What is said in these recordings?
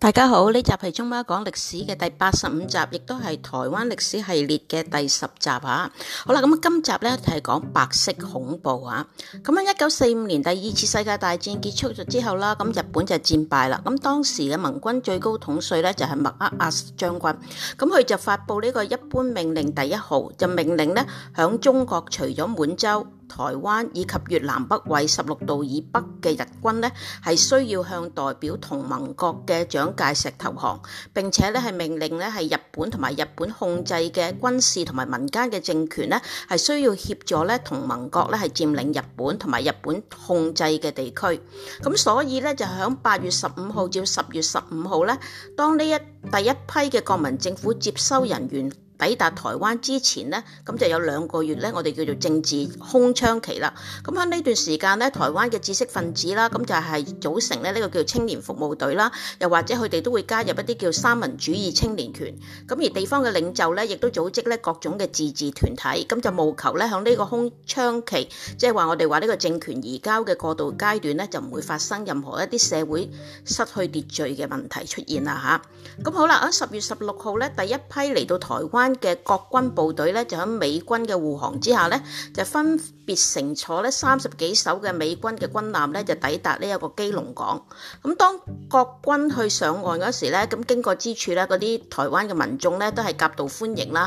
大家好，呢集係中貓講歷史嘅第八十五集，亦都係台灣歷史系列嘅第十集啊！好啦，咁今集咧就係講白色恐怖啊！咁喺一九四五年第二次世界大戰結束咗之後啦，咁日本就戰敗啦。咁當時嘅盟軍最高統帥咧就係麥克阿瑟將軍，咁佢就發佈呢個一般命令第一號，就命令咧響中國除咗滿洲。台灣以及越南北緯十六度以北嘅日軍呢，係需要向代表同盟國嘅蔣介石投降。並且呢，係命令呢，係日本同埋日本控制嘅軍事同埋民間嘅政權呢，係需要協助呢同盟國呢，係佔領日本同埋日本控制嘅地區。咁所以呢，就響八月十五號至十月十五號呢，當呢一第一批嘅國民政府接收人員，抵達台灣之前呢，咁就有兩個月咧，我哋叫做政治空窗期啦。咁響呢段時間咧，台灣嘅知識分子啦，咁就係組成咧呢個叫青年服務隊啦，又或者佢哋都會加入一啲叫三民主義青年團，咁而地方嘅領袖咧，亦都組織咧各種嘅自治團體，咁就務求咧響呢個空窗期，即係話我哋話呢個政權移交嘅過渡階段咧，就唔會發生任何一啲社會失去秩序嘅問題出現啦吓，咁好啦，喺十月十六號咧，第一批嚟到台灣，嘅國軍部隊咧，就喺美軍嘅護航之下咧，就分別乘坐咧三十幾艘嘅美軍嘅軍艦咧，就抵達呢一個基隆港。咁當國軍去上岸嗰時咧，咁經過之處咧，嗰啲台灣嘅民眾咧，都係夾道歡迎啦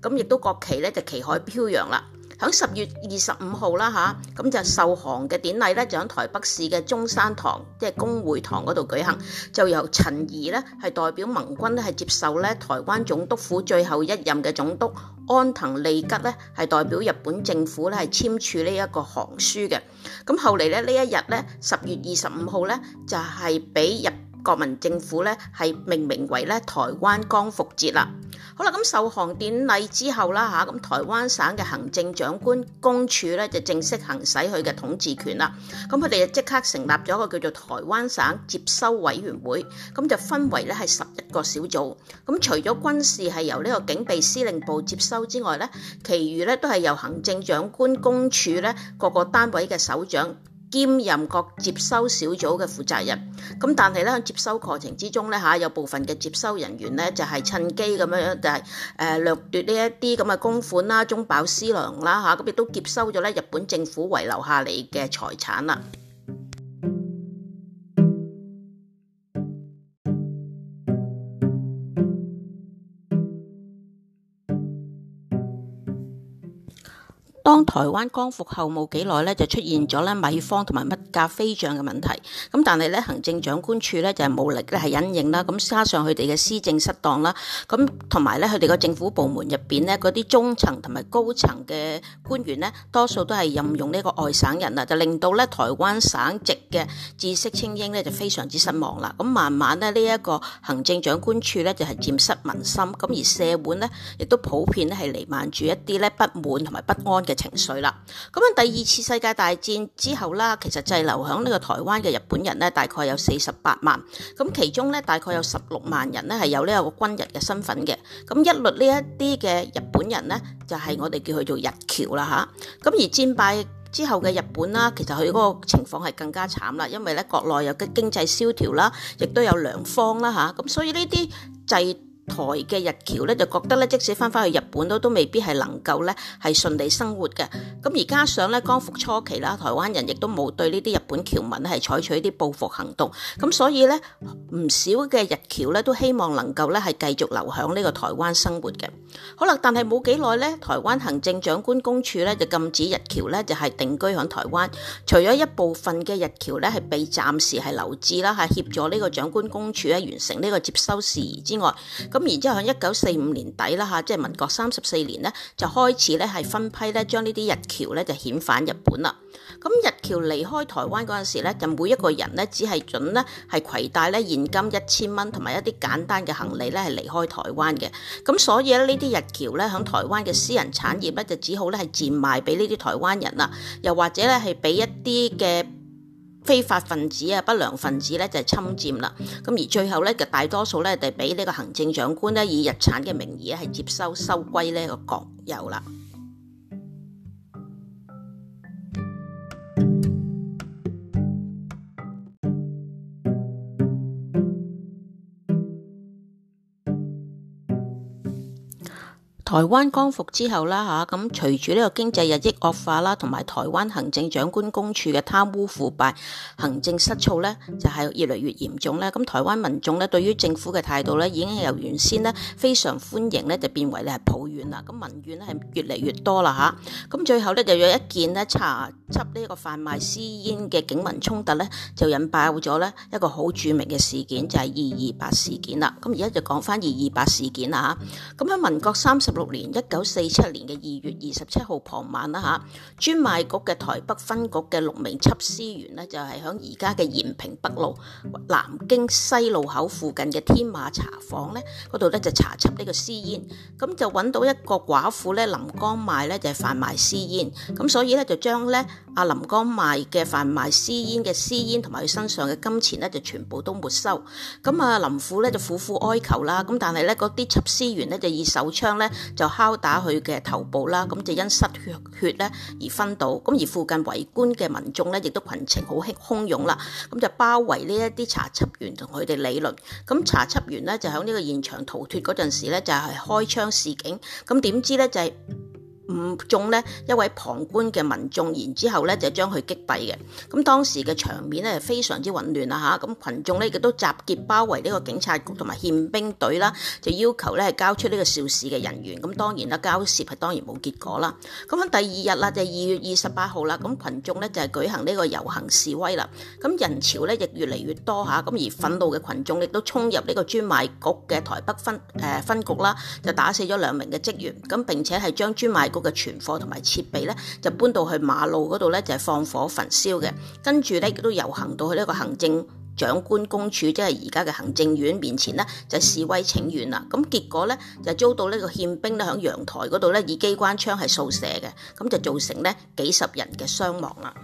吓，咁亦都國旗咧，就旗海飄揚啦。喺十月二十五號啦吓，咁就受降嘅典禮咧，就喺台北市嘅中山堂，即係公會堂嗰度舉行。就由陳儀咧係，代表盟軍咧係，接受咧台灣總督府最後一任嘅總督安藤利吉咧係，代表日本政府咧係，簽署呢一個降書嘅。咁後嚟咧，呢一日咧，十月二十五號咧，就係俾日國民政府咧係命名為咧台灣光復節啦。好啦，咁受降典禮之後啦嚇，咁台灣省嘅行政長官公署咧就正式行使佢嘅統治權啦。咁佢哋就即刻成立咗一個叫做台灣省接收委員會，咁就分為咧係十一個小組。咁除咗軍事係由呢個警備司令部接收之外咧，其餘咧都係由行政長官公署咧各個單位嘅首長。兼任各接收小組嘅負責人，咁但係咧喺接收過程之中咧嚇，有部分嘅接收人員咧就係趁機咁樣就係誒掠奪呢一啲咁嘅公款啦、中飽私囊啦嚇，咁亦都接收咗咧日本政府遺留下嚟嘅財產啦。當台灣光復後，冇幾耐咧，就出現咗咧米荒同埋乜。價飛漲嘅問題，咁但係咧行政長官處咧就係、是、冇力咧係、就是、隱形啦，咁加上佢哋嘅施政失當啦，咁同埋咧佢哋嘅政府部門入邊咧嗰啲中層同埋高層嘅官員呢，多數都係任用呢個外省人啊，就令到咧台灣省籍嘅知識菁英呢就非常之失望啦。咁慢慢咧呢一、這個行政長官處咧就係、是、漸失民心，咁而社會呢，亦都普遍咧係瀰漫住一啲咧不滿同埋不安嘅情緒啦。咁啊第二次世界大戰之後啦，其實就係、是留喺呢個台灣嘅日本人咧，大概有四十八萬，咁其中咧大概有十六萬人咧係有呢個軍人嘅身份嘅，咁一律呢一啲嘅日本人咧就係、是、我哋叫佢做日僑啦吓，咁、啊、而戰敗之後嘅日本啦，其實佢嗰個情況係更加慘啦，因為咧國內有經濟蕭條啦，亦、啊、都有糧荒啦吓，咁、啊啊、所以呢啲就係台嘅日僑咧就覺得咧，即使翻返去日本都都未必係能夠咧係順利生活嘅。咁而加上咧，光復初期啦，台灣人亦都冇對呢啲日本僑民係採取一啲報復行動。咁所以咧，唔少嘅日僑咧都希望能夠咧係繼續留響呢個台灣生活嘅。好啦，但係冇幾耐咧，台灣行政長官公署咧就禁止日僑咧就係定居響台灣。除咗一部分嘅日僑咧係被暫時係留置啦，係協助呢個長官公署咧完成呢個接收事宜之外，咁。咁然之後喺一九四五年底啦嚇，即係民國三十四年咧，就開始咧係，分批咧將呢啲日僑咧就遣返日本啦。咁日僑離開台灣嗰陣時咧，就每一個人咧只係準咧係攜帶咧現金一千蚊同埋一啲簡單嘅行李咧係離開台灣嘅。咁所以咧，呢啲日僑咧喺台灣嘅私人產業咧就只好咧係賤賣俾呢啲台灣人啦，又或者咧係俾一啲嘅。非法分子啊，不良分子咧就係侵占啦，咁而最後咧嘅大多數咧就係俾呢個行政長官咧以日產嘅名義咧係接收收歸呢個國有啦。台灣光復之後啦嚇，咁隨住呢個經濟日益惡化啦，同埋台灣行政長官公署嘅貪污腐敗、行政失措咧，就係越嚟越嚴重咧。咁台灣民眾咧對於政府嘅態度咧，已經由原先咧非常歡迎咧，就變為咧抱怨啦。咁民怨咧係越嚟越多啦吓，咁最後咧就有一件咧查緝呢個販賣私煙嘅警民衝突咧，就引爆咗咧一個好著名嘅事件，就係二二八事件啦。咁而家就講翻二二八事件啦吓，咁喺民國三十六年一九四七年嘅二月二十七號傍晚啦嚇，專賣局嘅台北分局嘅六名緝私員咧，就係喺而家嘅延平北路南京西路口附近嘅天馬茶房咧，嗰度咧就查緝呢個私煙，咁就揾到一個寡婦咧，林江邁咧就販賣私煙，咁所以咧就將咧阿林江邁嘅販賣私煙嘅私煙同埋佢身上嘅金錢咧，就全部都沒收，咁啊林婦咧就苦苦哀求啦，咁但係咧嗰啲緝私員咧就以手槍咧，就敲打佢嘅頭部啦，咁就因失血血咧而昏倒。咁而附近圍觀嘅民眾咧，亦都群情好興洶湧啦，咁就包圍呢一啲查緝員同佢哋理論。咁查緝員咧就喺呢個現場逃脫嗰陣時咧，就係開槍示警。咁點知咧就係。誤中咧一位旁觀嘅民眾，然之後咧就將佢擊斃嘅。咁當時嘅場面咧非常之混亂啦嚇，咁羣眾咧亦都集結包圍呢個警察局同埋憲兵隊啦，就要求咧係交出呢個肇事嘅人員。咁當然啦，交涉係當然冇結果啦。咁喺第二日啦，就二月二十八號啦，咁群眾咧就係舉行呢個遊行示威啦。咁人潮咧亦越嚟越多嚇，咁而憤怒嘅群眾亦都衝入呢個專賣局嘅台北分誒分局啦，就打死咗兩名嘅職員，咁並且係將專賣局。嘅存貨同埋設備咧，就搬到去馬路嗰度咧，就係放火焚燒嘅。跟住咧，亦都遊行到去呢個行政長官公署，即係而家嘅行政院面前啦，就示威請願啦。咁結果咧，就遭到呢個憲兵咧喺陽台嗰度咧，以機關槍係掃射嘅，咁就造成咧幾十人嘅傷亡啦。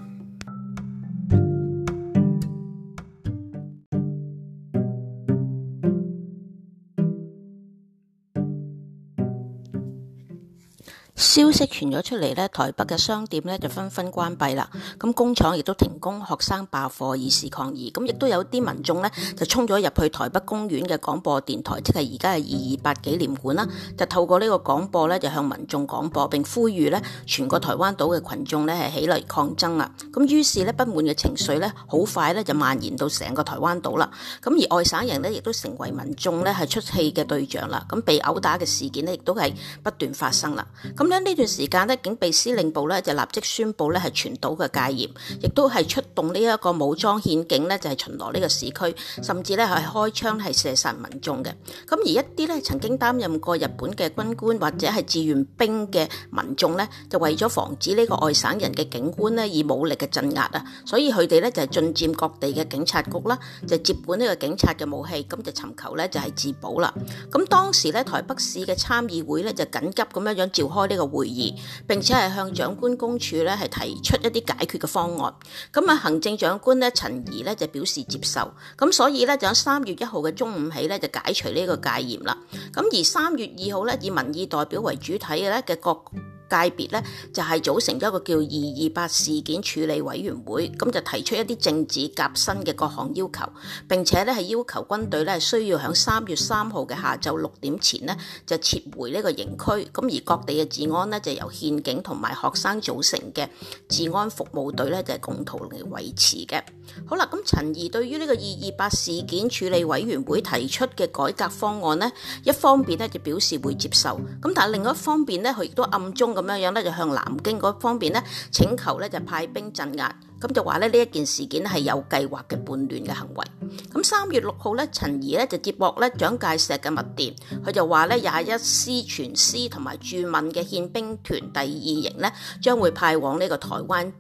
消息傳咗出嚟，呢台北嘅商店呢，就紛紛關閉啦。咁工廠亦都停工，學生罷課，以示抗議。咁亦都有啲民眾呢就衝咗入去台北公園嘅廣播電台，即係而家係二二八紀念館啦，就透過呢個廣播呢，就向民眾廣播，並呼籲呢，全個台灣島嘅群眾呢係起嚟抗爭啦。咁於是呢，不滿嘅情緒呢好快呢就蔓延到成個台灣島啦。咁而外省人呢，亦都成為民眾呢係出氣嘅對象啦。咁被毆打嘅事件呢，亦都係不斷發生啦。咁咁樣呢段時間咧，警備司令部呢，就立即宣布呢係全島嘅戒嚴，亦都係出動呢一個武裝憲警呢就係、是、巡邏呢個市區，甚至呢係開槍係射殺民眾嘅。咁而一啲呢曾經擔任過日本嘅軍官或者係志願兵嘅民眾呢，就為咗防止呢個外省人嘅警官呢以武力嘅鎮壓啊，所以佢哋呢，就係進佔各地嘅警察局啦，就接管呢個警察嘅武器，咁就尋求呢就係、是、自保啦。咁當時呢，台北市嘅參議會呢，就緊急咁樣樣召開咧、這個。呢個會議，並且係向長官公署咧係提出一啲解決嘅方案。咁啊，行政長官咧陳儀咧就表示接受。咁所以咧就喺三月一號嘅中午起咧就解除呢個戒嚴啦。咁而三月二號咧以民意代表為主體嘅咧嘅各。界別咧就係組成咗一個叫二二八事件處理委員會，咁就提出一啲政治革新嘅各項要求，並且咧係要求軍隊咧需要喺三月三號嘅下晝六點前呢，就撤回呢個營區，咁而各地嘅治安呢，就由憲警同埋學生組成嘅治安服務隊咧就係共同嚟維持嘅。好啦，咁陳儀對於呢個二二八事件處理委員會提出嘅改革方案呢，一方面呢，就表示會接受，咁但係另外一方面呢，佢亦都暗中。咁樣樣咧就向南京嗰方面咧請求咧就派兵鎮壓，咁就話咧呢一件事件係有計劃嘅叛亂嘅行為。咁三月六號咧，陳儀咧就接獲咧蔣介石嘅密電，佢就話咧廿一師全師同埋駐滬嘅憲兵團第二營咧將會派往呢個台灣誒、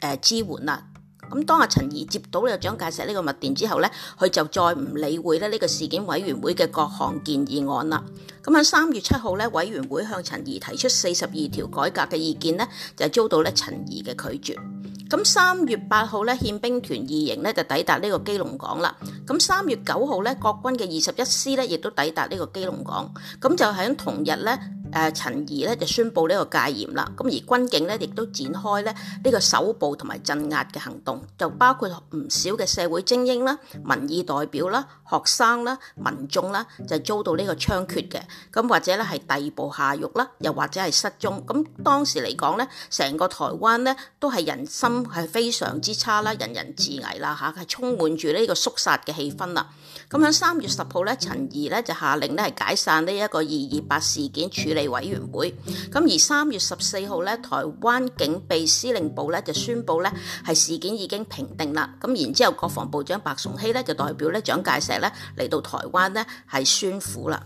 呃、支援啦。咁當阿陳儀接到咧蔣介石呢個密電之後咧，佢就再唔理會咧呢個事件委員會嘅各項建議案啦。咁喺三月七號咧，委員會向陳儀提出四十二條改革嘅意見咧，就遭到咧陳儀嘅拒絕。咁三月八號咧，憲兵團二營咧就抵達呢個基隆港啦。咁三月九號咧，國軍嘅二十一師咧亦都抵達呢個基隆港。咁就喺同日咧，誒陳儀咧就宣布呢個戒嚴啦，咁而軍警咧亦都展開咧呢個搜捕同埋鎮壓嘅行動，就包括唔少嘅社會精英啦、民意代表啦、學生啦、民眾啦就遭到呢個槍決嘅，咁或者咧係逮捕、下獄啦，又或者係失蹤。咁當時嚟講咧，成個台灣咧都係人心係非常之差啦，人人自危啦吓係充滿住呢個肅殺嘅氣氛啦。咁喺三月十號咧，陳儀咧就下令咧係解散呢一個二二八事件處理委員會，咁而三月十四號咧，台灣警備司令部咧就宣布咧係事件已經平定啦。咁然之後，國防部長白崇禧咧就代表咧蔣介石咧嚟到台灣咧係宣撫啦。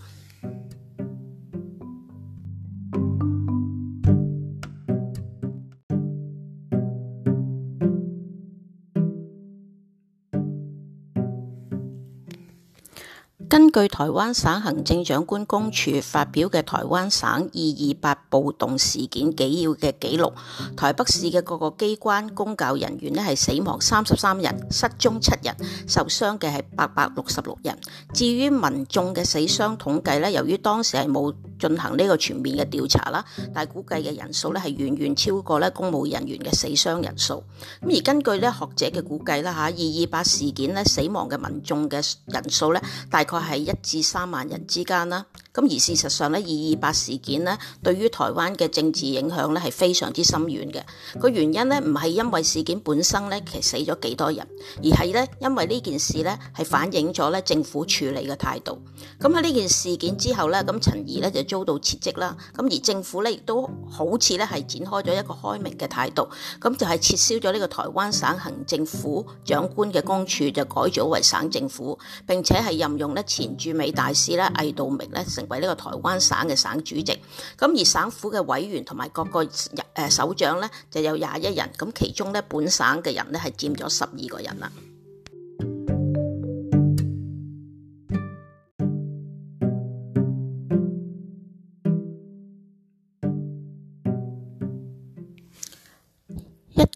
根據台灣省行政長官公署發表嘅台灣省二二八暴動事件紀要嘅記錄，台北市嘅各個機關公教人員咧係死亡三十三人，失蹤七人，受傷嘅係八百六十六人。至於民眾嘅死傷統計咧，由於當時係冇進行呢個全面嘅調查啦，但估計嘅人數咧係遠遠超過咧公務人員嘅死傷人數。咁而根據咧學者嘅估計啦，吓二二八事件咧死亡嘅民眾嘅人數咧，大概，係一至三萬人之間啦，咁而事實上咧，二二八事件呢對於台灣嘅政治影響呢係非常之深遠嘅。個原因呢唔係因為事件本身呢其實死咗幾多人，而係呢因為呢件事呢係反映咗咧政府處理嘅態度。咁喺呢件事件之後呢，咁陳儀呢就遭到撤職啦。咁而政府呢亦都好似咧係展開咗一個開明嘅態度。咁就係撤銷咗呢個台灣省行政府長官嘅公署，就改組為省政府，並且係任用呢。前駐美大使咧，魏道明咧，成為呢個台灣省嘅省主席。咁而省府嘅委員同埋各個日誒首長咧，就有廿一人。咁其中咧，本省嘅人咧，係佔咗十二個人啦。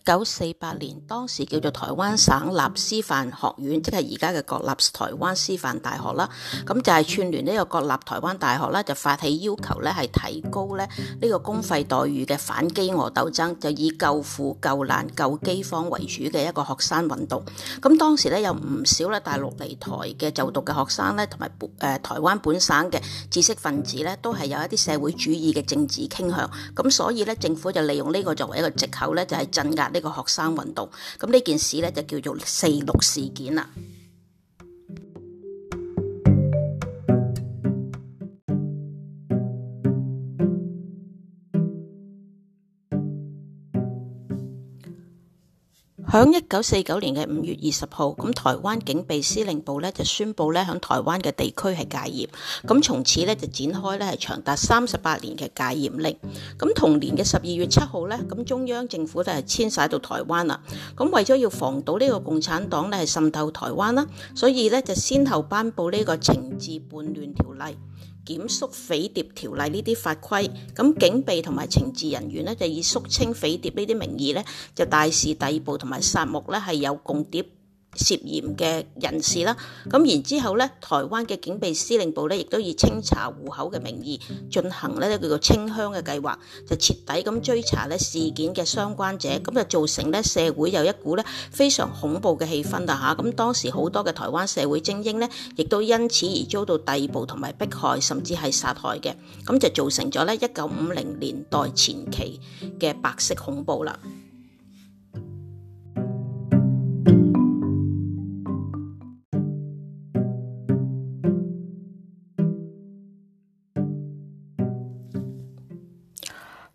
九四八年，當時叫做台灣省立師範學院，即係而家嘅國立台灣師範大學啦。咁就係串聯呢個國立台灣大學啦，就發起要求咧，係提高咧呢個公費待遇嘅反饑餓鬥爭，就以救苦救難救饑荒為主嘅一個學生運動。咁當時咧有唔少咧大陸嚟台嘅就讀嘅學生咧，同埋誒台灣本省嘅知識分子咧，都係有一啲社會主義嘅政治傾向。咁所以咧政府就利用呢個作為一個藉口咧，就係鎮壓。呢個學生運動，咁呢件事咧就叫做四六事件啦。喺一九四九年嘅五月二十號，咁台灣警備司令部咧就宣布咧喺台灣嘅地區係戒嚴，咁從此咧就展開咧係長達三十八年嘅戒嚴令。咁同年嘅十二月七號咧，咁中央政府咧係遷徙到台灣啦。咁為咗要防堵呢個共產黨咧係滲透台灣啦，所以咧就先後頒布呢、這個《懲治叛亂條例》。檢肅匪諜條例呢啲法規，咁警備同埋情治人員呢，就以肅清匪諜呢啲名義呢，就大肆逮捕同埋殺戮呢，係有共諜。涉嫌嘅人士啦，咁然之後咧，台灣嘅警備司令部咧，亦都以清查戶口嘅名義進行咧，叫做清鄉嘅計劃，就徹底咁追查咧事件嘅相關者，咁就造成咧社會有一股咧非常恐怖嘅氣氛啦吓，咁當時好多嘅台灣社會精英咧，亦都因此而遭到逮捕同埋迫害，甚至係殺害嘅，咁就造成咗咧一九五零年代前期嘅白色恐怖啦。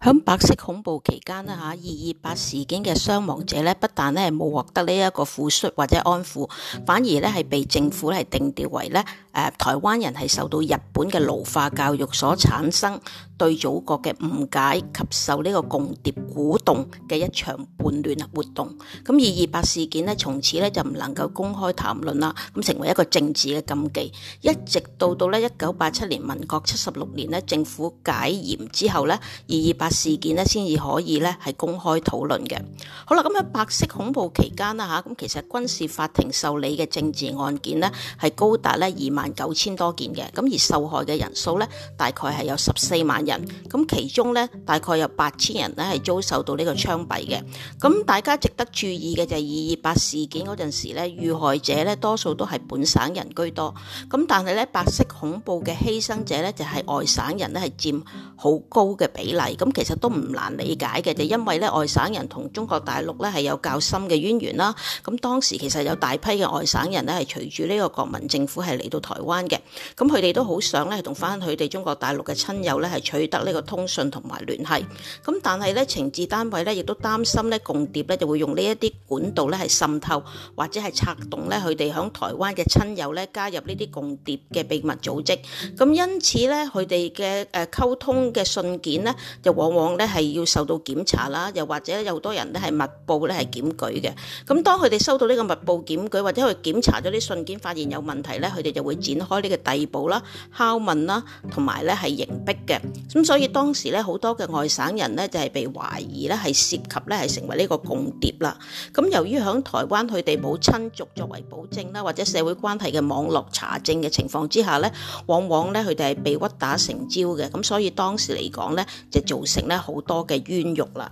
咁白色恐怖期間呢嚇，二二八事件嘅傷亡者呢，不但咧係冇獲得呢一個撫恤或者安撫，反而呢係被政府係定調為呢、呃、台灣人係受到日本嘅奴化教育所產生。對祖國嘅誤解及受呢個共諜鼓動嘅一場叛亂活動，咁二二八事件咧，從此咧就唔能夠公開談論啦，咁成為一個政治嘅禁忌，一直到到呢，一九八七年民國七十六年咧，政府解嚴之後呢，二二八事件咧先至可以咧係公開討論嘅。好啦，咁喺白色恐怖期間啦吓，咁其實軍事法庭受理嘅政治案件呢，係高達呢二萬九千多件嘅，咁而受害嘅人數呢，大概係有十四萬。人，咁其中咧，大概有八千人呢，係遭受到呢個槍斃嘅。咁大家值得注意嘅就係二二八事件嗰陣時咧，遇害者咧多數都係本省人居多。咁但係咧，白色恐怖嘅犧牲者咧就係外省人咧係佔好高嘅比例。咁其實都唔難理解嘅，就因為咧外省人同中國大陸咧係有較深嘅淵源啦。咁當時其實有大批嘅外省人咧係隨住呢個國民政府係嚟到台灣嘅。咁佢哋都好想咧同翻佢哋中國大陸嘅親友咧係。取得呢個通訊同埋聯繫，咁但係咧，情治單位咧亦都擔心咧，共諜咧就會用呢一啲管道咧係滲透或者係策動咧佢哋響台灣嘅親友咧加入呢啲共諜嘅秘密組織，咁因此咧佢哋嘅誒溝通嘅信件咧，就往往咧係要受到檢查啦，又或者有好多人咧係密報咧係檢舉嘅，咁當佢哋收到呢個密報檢舉或者佢檢查咗啲信件發現有問題咧，佢哋就會展開呢個逮捕啦、拷問啦同埋咧係刑逼嘅。咁所以當時咧，好多嘅外省人咧，就係被懷疑咧，係涉及咧，係成為呢個共諜啦。咁由於喺台灣佢哋冇親族作為保證啦，或者社會關係嘅網絡查證嘅情況之下咧，往往咧佢哋係被屈打成招嘅。咁所以當時嚟講咧，就造成咧好多嘅冤獄啦。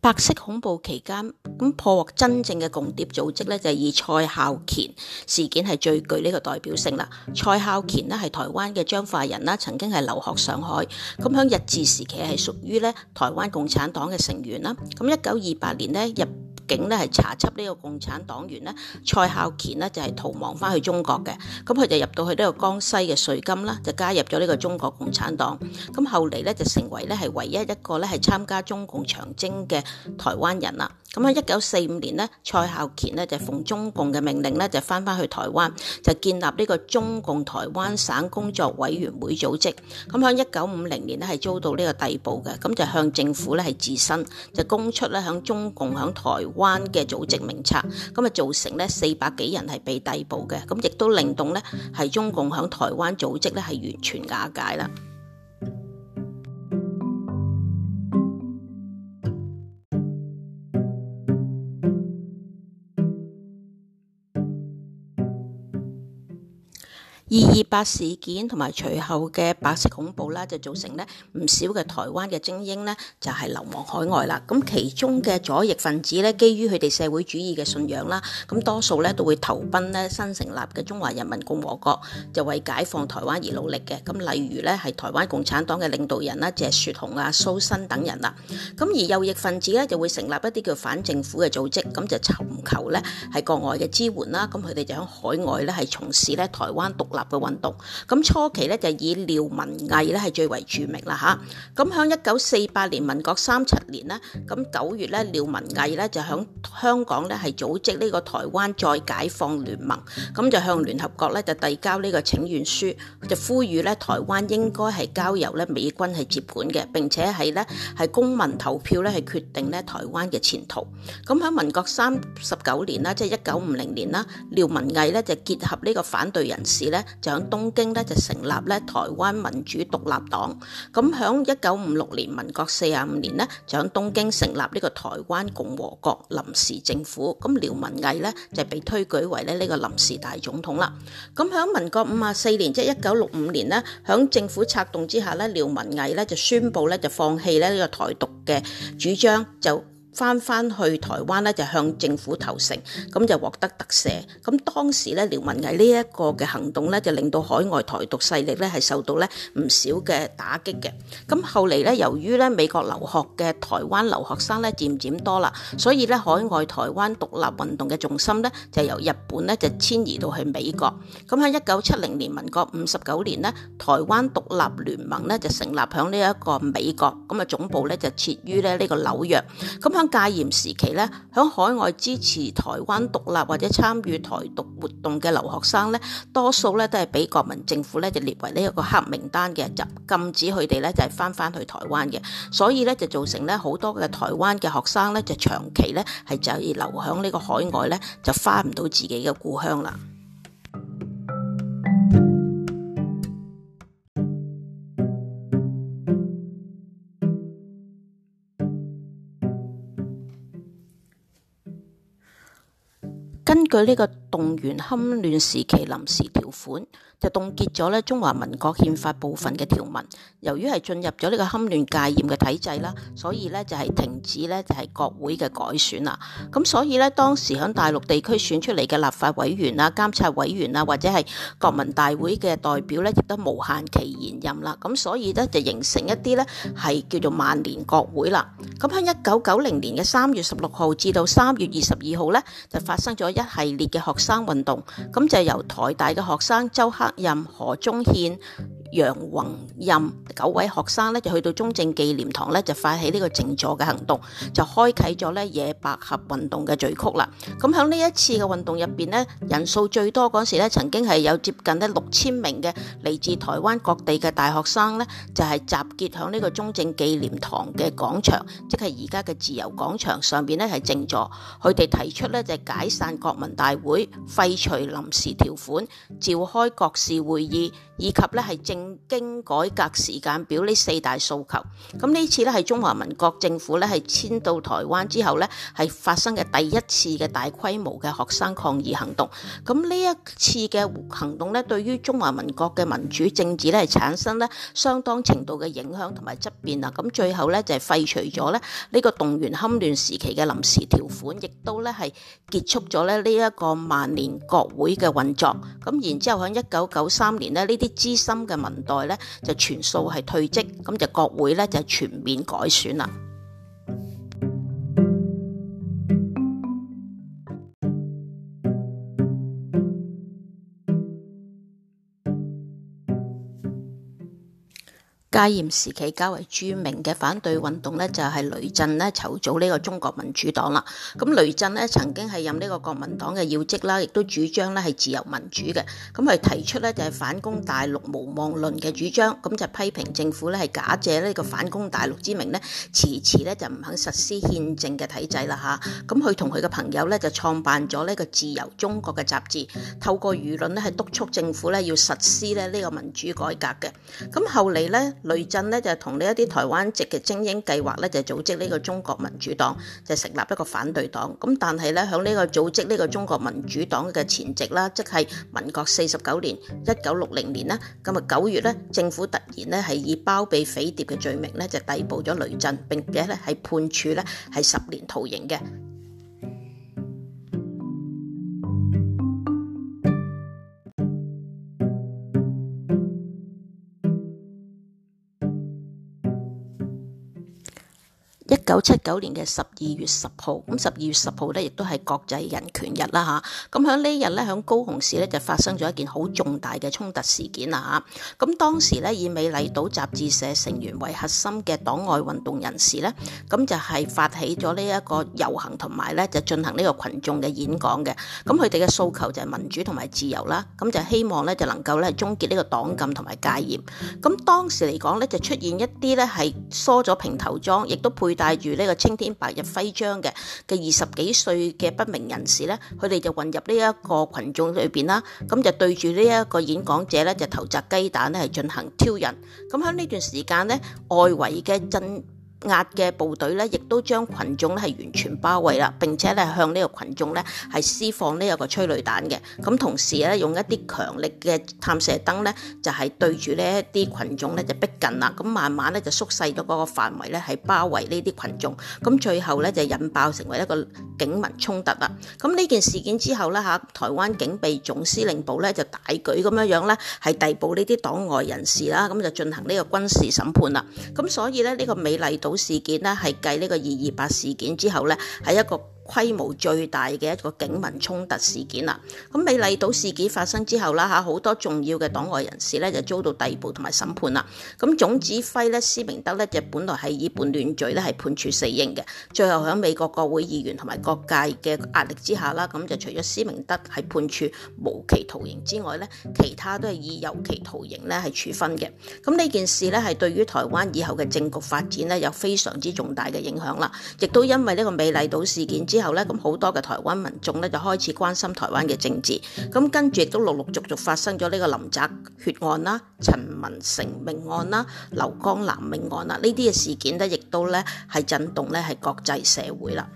白色恐怖期間，破獲真正嘅共諜組織就以蔡孝乾事件係最具呢個代表性啦。蔡孝乾咧係台灣嘅彰化人，曾經係留學上海，咁響日治時期係屬於台灣共產黨嘅成員，咁一九二八年入。警咧係查緝呢個共產黨員咧，蔡孝乾呢就係逃亡翻去中國嘅，咁佢就入到去呢個江西嘅瑞金啦，就加入咗呢個中國共產黨，咁後嚟咧就成為咧係唯一一個咧係參加中共長征嘅台灣人啦。咁喺一九四五年呢，蔡孝乾呢就奉中共嘅命令呢，就翻翻去台灣，就建立呢個中共台灣省工作委員會組織。咁喺一九五零年呢，係遭到呢個逮捕嘅，咁就向政府呢，係自新就供出咧響中共響台灣嘅組織名冊，咁啊造成呢四百幾人係被逮捕嘅，咁亦都令到呢，係中共響台灣組織呢，係完全瓦解啦。二二八事件同埋隨後嘅白色恐怖啦，就造成咧唔少嘅台灣嘅精英咧就係流亡海外啦。咁其中嘅左翼分子咧，基於佢哋社會主義嘅信仰啦，咁多數咧都會投奔咧新成立嘅中華人民共和國，就為解放台灣而努力嘅。咁例如咧係台灣共產黨嘅領導人啦，謝雪紅啊、蘇新等人啦。咁而右翼分子咧就會成立一啲叫反政府嘅組織，咁就尋求咧係國外嘅支援啦。咁佢哋就響海外咧係從事咧台灣獨立嘅運動，咁初期咧就以廖文毅咧係最為著名啦嚇，咁喺一九四八年民國三七年咧，咁九月咧廖文毅咧就喺香港咧係組織呢個台灣再解放聯盟，咁就向聯合國咧就遞交呢個請願書，就呼籲咧台灣應該係交由咧美軍係接管嘅，並且係咧係公民投票咧係決定咧台灣嘅前途。咁喺民國三十九年啦，即係一九五零年啦，廖文毅咧就結合呢個反對人士咧，就喺東京咧，就成立咧台灣民主獨立黨。咁喺一九五六年，民國四十五年咧，就喺東京成立呢個台灣共和國臨時政府。咁廖文毅咧就被推舉為咧呢個臨時大總統啦。咁喺民國五十四年，即一九六五年咧，喺政府策動之下咧，廖文毅咧就宣布咧就放棄咧呢個台獨嘅主張就。翻翻去台灣咧，就向政府投誠，咁就獲得特赦。咁當時咧，廖文毅呢一個嘅行動咧，就令到海外台獨勢力咧係受到咧唔少嘅打擊嘅。咁後嚟咧，由於咧美國留學嘅台灣留學生咧漸漸多啦，所以咧海外台灣獨立運動嘅重心咧就由日本咧就遷移到去美國。咁喺一九七零年，民國五十九年呢，台灣獨立聯盟咧就成立響呢一個美國，咁啊總部咧就設於咧呢個紐約。咁喺戒嚴時期咧，喺海外支持台灣獨立或者參與台獨活動嘅留學生咧，多數咧都係俾國民政府咧就列為呢一個黑名單嘅，就禁止佢哋咧就係翻翻去台灣嘅，所以咧就造成咧好多嘅台灣嘅學生咧就長期咧係就要留響呢個海外咧就翻唔到自己嘅故鄉啦。根據呢個動員戡亂時期臨時條款，就凍結咗咧中華民國憲法部分嘅條文。由於係進入咗呢個戡亂戒嚴嘅體制啦，所以咧就係停止咧就係國會嘅改選啦。咁所以咧當時響大陸地區選出嚟嘅立法委員啊、監察委員啊，或者係國民大會嘅代表咧，亦都無限期延任啦。咁所以咧就形成一啲咧係叫做萬年國會啦。咁喺一九九零年嘅三月十六號至到三月二十二號咧，就發生咗一系列嘅學生運動，咁就由台大嘅學生周克任、何宗憲。楊宏任九位學生咧就去到中正紀念堂咧，就發起呢個靜坐嘅行動，就開啟咗咧野百合運動嘅序曲啦。咁喺呢一次嘅運動入邊咧，人數最多嗰時咧，曾經係有接近呢六千名嘅嚟自台灣各地嘅大學生咧，就係、係、集結響呢個中正紀念堂嘅廣場，即係而家嘅自由廣場上邊咧係靜坐。佢哋提出咧就係、解散國民大會，廢除臨時條款，召開國事會議，以及咧係政經改革時間表呢四大訴求，咁呢次咧係中華民國政府咧係遷到台灣之後咧係發生嘅第一次嘅大規模嘅學生抗議行動，咁呢一次嘅行動咧對於中華民國嘅民主政治咧係產生咧相當程度嘅影響同埋質變啊，咁最後咧就係、是、廢除咗咧呢個動員戡亂時期嘅臨時條款，亦都咧係結束咗咧呢一個萬年國會嘅運作，咁然之後響一九九三年咧呢啲。資深嘅民代咧就全數係退職，咁就國會咧就全面改選啦。戒嚴時期較為著名嘅反對運動呢，就係雷震呢籌組呢個中國民主黨啦。咁雷震呢曾經係任呢個國民黨嘅要職啦，亦都主張呢係自由民主嘅。咁佢提出呢就係反攻大陸無望論嘅主張，咁就批評政府呢係假借呢個反攻大陸之名呢，遲遲呢就唔肯實施憲政嘅體制啦嚇。咁佢同佢嘅朋友呢，就創辦咗呢個自由中國嘅雜誌，透過輿論呢，係督促政府呢要實施呢呢個民主改革嘅。咁後嚟呢。雷震呢就同呢一啲台灣籍嘅精英計劃呢，就組織呢個中國民主黨，就成立一個反對黨。咁但係呢，喺呢個組織呢個中國民主黨嘅前夕啦，即係民國四十九年一九六零年啦，咁九月呢，政府突然呢係以包庇匪諜嘅罪名呢，就逮捕咗雷震，並且呢係判處呢，係十年徒刑嘅。一九七九年嘅十二月十號，咁十二月十號呢亦都係國際人權日啦嚇。咁喺呢日呢，喺高雄市呢就發生咗一件好重大嘅衝突事件啦嚇。咁、啊、當時呢，以美麗島雜誌社成員為核心嘅黨外運動人士呢，咁就係發起咗呢一個遊行同埋呢就進行呢個群眾嘅演講嘅。咁佢哋嘅訴求就係民主同埋自由啦。咁就希望呢，就能夠呢終結呢個黨禁同埋戒嚴。咁當時嚟講呢，就出現一啲呢係梳咗平頭裝，亦都佩戴住呢個青天白日徽章嘅嘅二十幾歲嘅不明人士呢，佢哋就混入呢一個群眾裏邊啦，咁就對住呢一個演講者呢，就投擲雞蛋呢，係進行挑釁。咁喺呢段時間呢，外圍嘅鎮壓嘅部隊咧，亦都將群眾咧係完全包圍啦，並且咧向呢個群眾咧係施放呢個催淚彈嘅。咁同時咧，用一啲強力嘅探射燈咧，就係對住呢啲群眾咧就逼近啦。咁慢慢咧就縮細咗嗰個範圍咧，係包圍呢啲群眾。咁最後咧就引爆成為一個警民衝突啦。咁呢件事件之後咧嚇，台灣警備總司令部咧就大舉咁樣樣咧係逮捕呢啲黨外人士啦，咁就進行呢個軍事審判啦。咁所以咧呢個美麗島事件咧係繼呢個二二八事件之後咧，係一個，規模最大嘅一個警民衝突事件啦。咁美麗島事件發生之後啦，吓好多重要嘅黨外人士咧就遭到逮捕同埋審判啦。咁總指揮咧，施明德咧就本來係以叛亂罪咧係判處死刑嘅，最後響美國國會議員同埋各界嘅壓力之下啦，咁就除咗施明德係判處無期徒刑之外咧，其他都係以有期徒刑咧係處分嘅。咁呢件事咧係對於台灣以後嘅政局發展咧有非常之重大嘅影響啦。亦都因為呢個美麗島事件之之後咧，咁好多嘅台灣民眾咧就開始關心台灣嘅政治，咁跟住亦都陸陸續續發生咗呢個林宅血案啦、陳文成命案啦、劉江南命案啦，呢啲嘅事件咧，亦都咧係震動咧係國際社會啦。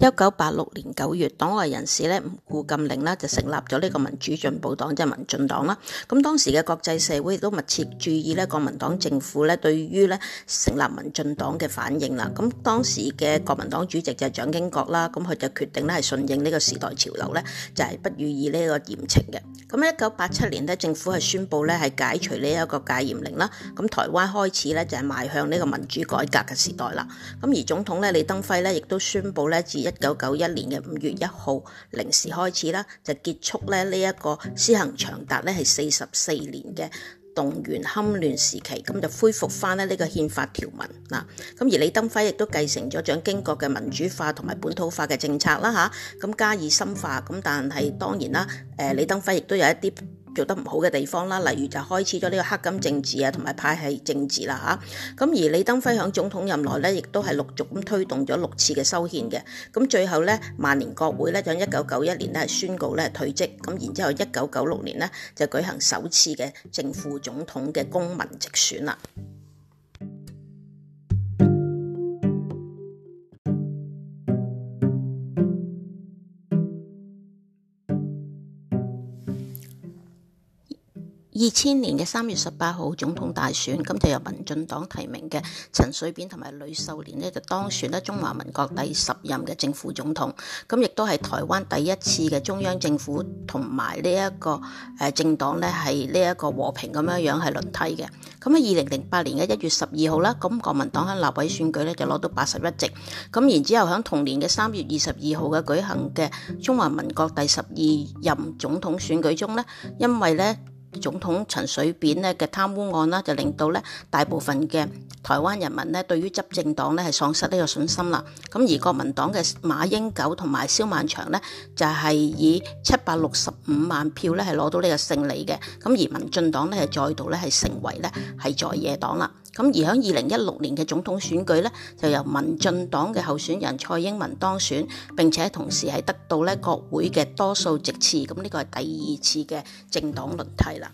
一九八六年九月，黨外人士咧唔顧禁令啦，就成立咗呢個民主進步黨，即係民進黨啦。咁當時嘅國際社會亦都密切注意咧，國民黨政府咧對於咧成立民進黨嘅反應啦。咁當時嘅國民黨主席就係蔣經國啦，咁佢就決定咧係順應呢個時代潮流咧，就係不予以呢個嚴懲嘅。咁一九八七年咧，政府係宣布咧係解除呢一個戒嚴令啦。咁台灣開始咧就係邁向呢個民主改革嘅時代啦。咁而總統咧李登輝咧亦都宣布咧自一九九一年嘅五月一號零時開始啦，就結束咧呢一、這個施行長達咧係四十四年嘅動員戡亂時期，咁就恢復翻咧呢、這個憲法條文嗱。咁、啊、而李登輝亦都繼承咗蔣經國嘅民主化同埋本土化嘅政策啦吓，咁、啊啊、加以深化。咁、啊、但係當然啦，誒、呃、李登輝亦都有一啲做得唔好嘅地方啦，例如就開始咗呢個黑金政治啊，同埋派系政治啦嚇。咁而李登輝響總統任內咧，亦都係陸續咁推動咗六次嘅修憲嘅。咁最後咧，萬年國會咧響一九九一年咧係宣告咧退職。咁然之後一九九六年咧就舉行首次嘅正副總統嘅公民直選啦。二千年嘅三月十八號總統大選，咁就由民進黨提名嘅陳水扁同埋呂秀蓮呢就當選咧中華民國第十任嘅正副總統。咁亦都係台灣第一次嘅中央政府同埋呢一個誒政黨呢，係呢一個和平咁樣樣係輪替嘅。咁喺二零零八年嘅一月十二號啦，咁國民黨喺立委選舉呢就攞到八十一席。咁然之後喺同年嘅三月二十二號嘅舉行嘅中華民國第十二任總統選舉中呢，因為呢，總統陳水扁咧嘅貪污案啦，就令到咧大部分嘅台灣人民咧，對於執政黨咧係喪失呢個信心啦。咁而國民黨嘅馬英九同埋蕭萬長咧，就係、是、以七百六十五萬票咧係攞到呢個勝利嘅。咁而民進黨咧係再度咧係成為咧係在野黨啦。咁而喺二零一六年嘅總統選舉咧，就由民進黨嘅候選人蔡英文當選，並且同時係得到咧國會嘅多數席次。咁呢個係第二次嘅政黨輪替啦。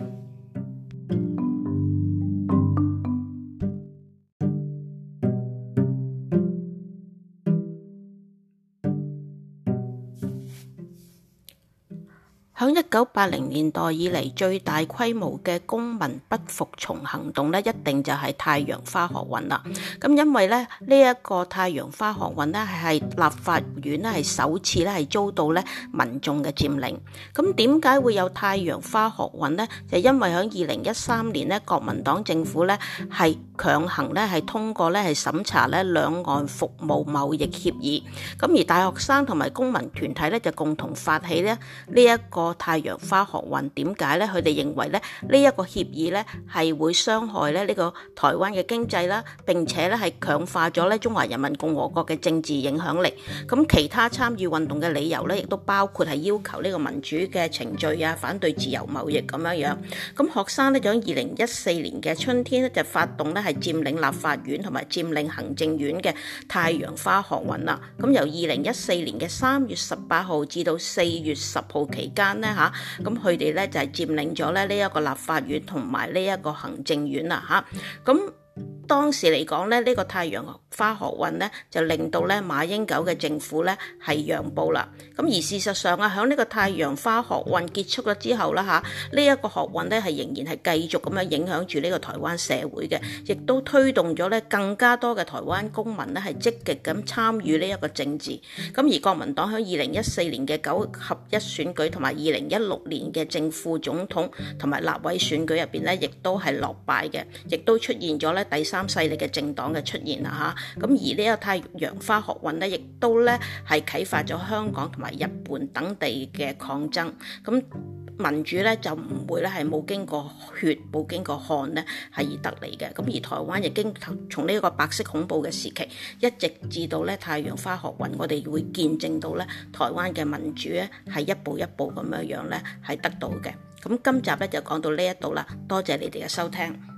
響一九八零年代以嚟最大規模嘅公民不服從行動咧，一定就係太陽花學運啦。咁因為咧呢一個太陽花學運咧係立法院咧係首次咧係遭到咧民眾嘅佔領。咁點解會有太陽花學運咧？就因為響二零一三年咧，國民黨政府咧係強行咧係通過咧係審查咧兩岸服務貿易協議。咁而大學生同埋公民團體咧就共同發起咧呢一個。太陽花學運點解咧？佢哋認為咧呢一個協議咧係會傷害咧呢個台灣嘅經濟啦，並且咧係強化咗咧中華人民共和國嘅政治影響力。咁其他參與運動嘅理由咧，亦都包括係要求呢個民主嘅程序啊，反對自由貿易咁樣樣。咁學生咧就喺二零一四年嘅春天咧就發動咧係佔領立法院同埋佔領行政院嘅太陽花學運啦。咁由二零一四年嘅三月十八號至到四月十號期間。咧嚇，咁佢哋咧就係、是、佔領咗咧呢一個立法院同埋呢一個行政院啦嚇，咁、啊。啊嗯。當時嚟講咧，呢個太陽花學運咧就令到咧馬英九嘅政府咧係讓步啦。咁而事實上啊，響呢個太陽花學運結束咗之後啦，吓呢一個學運咧係仍然係繼續咁樣影響住呢個台灣社會嘅，亦都推動咗咧更加多嘅台灣公民咧係積極咁參與呢一個政治。咁而國民黨喺二零一四年嘅九合一選舉同埋二零一六年嘅正副總統同埋立委選舉入邊咧，亦都係落敗嘅，亦都出現咗咧。第三勢力嘅政黨嘅出現啦嚇，咁而呢個太陽花學運咧，亦都咧係啟發咗香港同埋日本等地嘅抗爭。咁民主咧就唔會咧係冇經過血冇經過汗咧係而得嚟嘅。咁而台灣亦經從呢個白色恐怖嘅時期，一直至到咧太陽花學運，我哋會見證到咧台灣嘅民主咧係一步一步咁樣樣咧係得到嘅。咁今集咧就講到呢一度啦，多謝你哋嘅收聽。